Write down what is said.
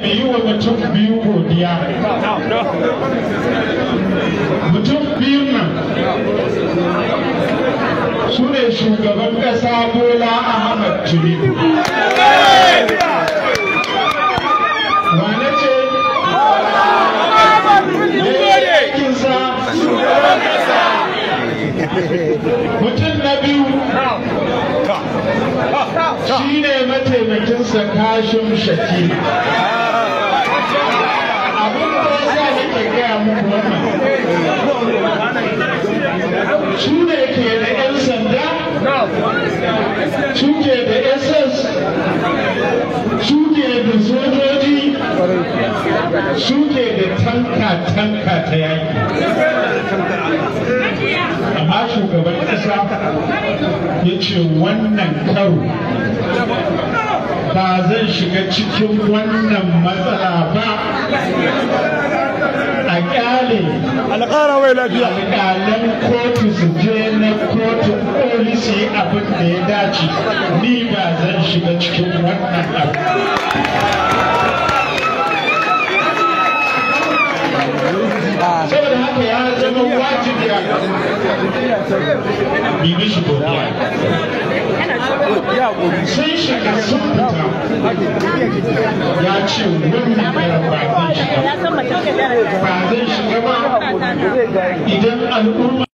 da yi wa mutum biyu godiya mutum biyun na sune ne shugaban ƙasa bola ahmad tinubu wane ce aikinsa mutum na biyu shi ne mataimakinsa kashin Shati. abin da ya nake gaya muku wannan su ne ke da 'yan sanda su ke da ss su ke da sojoji su ke da tanka-tanka ta yaki amma shugaban ƙasa ya ce wannan karo ba zan shiga cikin wannan matsala ba a kyale alƙalan kotu su je na kotu koli su abin da ya dace ni ba zan shiga cikin wannan abu saboda haka ya zama wajibi a sun shiga sun fita ya ce wani ba zai shiga ba idan al'umma